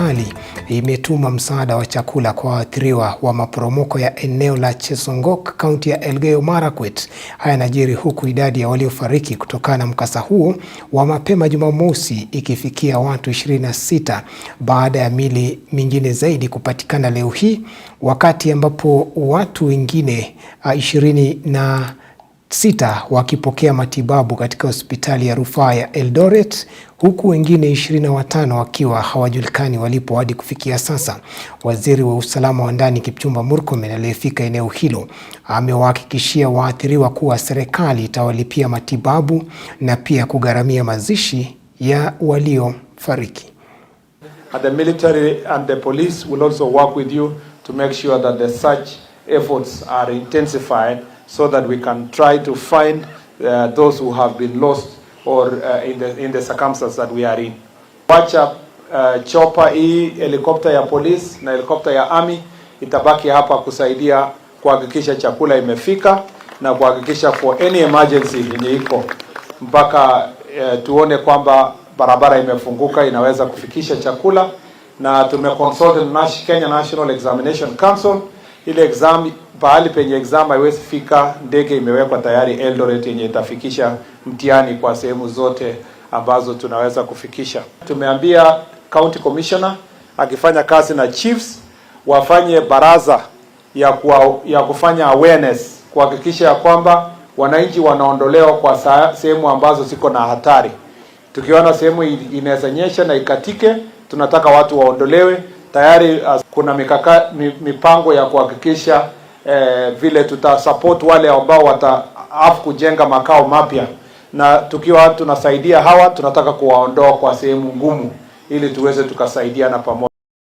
Hali imetuma msaada wa chakula kwa waathiriwa wa maporomoko ya eneo la Chesongok, kaunti ya Elgeyo Marakwet. Haya yanajiri huku idadi ya waliofariki kutokana na mkasa huo wa mapema Jumamosi ikifikia watu 26 baada ya miili mingine zaidi kupatikana leo hii, wakati ambapo watu wengine 20 ah, na sita wakipokea matibabu katika hospitali ya rufaa ya Eldoret huku wengine 25 wakiwa hawajulikani walipo hadi kufikia sasa. Waziri wa usalama wa ndani Kipchumba Murkomen aliyefika eneo hilo amewahakikishia waathiriwa kuwa serikali itawalipia matibabu na pia kugharamia mazishi ya waliofariki. The military and the police will also work with you to make sure that the search efforts are intensified so that we can try to find uh, those who have been lost or uh, in the, in the circumstances that we are in. Wacha uh, chopa hii e, helikopta ya polisi na helikopta ya army itabaki hapa kusaidia kuhakikisha chakula imefika na kuhakikisha for any emergency yenye iko mpaka uh, tuone kwamba barabara imefunguka inaweza kufikisha chakula, na tumeconsult na Kenya National Examination Council ile exam pahali penye exam haiwezi fika, ndege imewekwa tayari Eldoret yenye itafikisha mtihani kwa sehemu zote ambazo tunaweza kufikisha. Tumeambia county commissioner akifanya kazi na chiefs wafanye baraza ya, kuwa, ya kufanya awareness kuhakikisha ya kwamba wananchi wanaondolewa kwa sehemu ambazo ziko na hatari. Tukiona sehemu inaweza nyesha na ikatike, tunataka watu waondolewe tayari. Uh, kuna mikaka, mipango ya kuhakikisha eh, vile tutasupport wale ambao wataafu kujenga makao mapya, na tukiwa tunasaidia hawa, tunataka kuwaondoa kwa sehemu ngumu, ili tuweze tukasaidiana pamoja.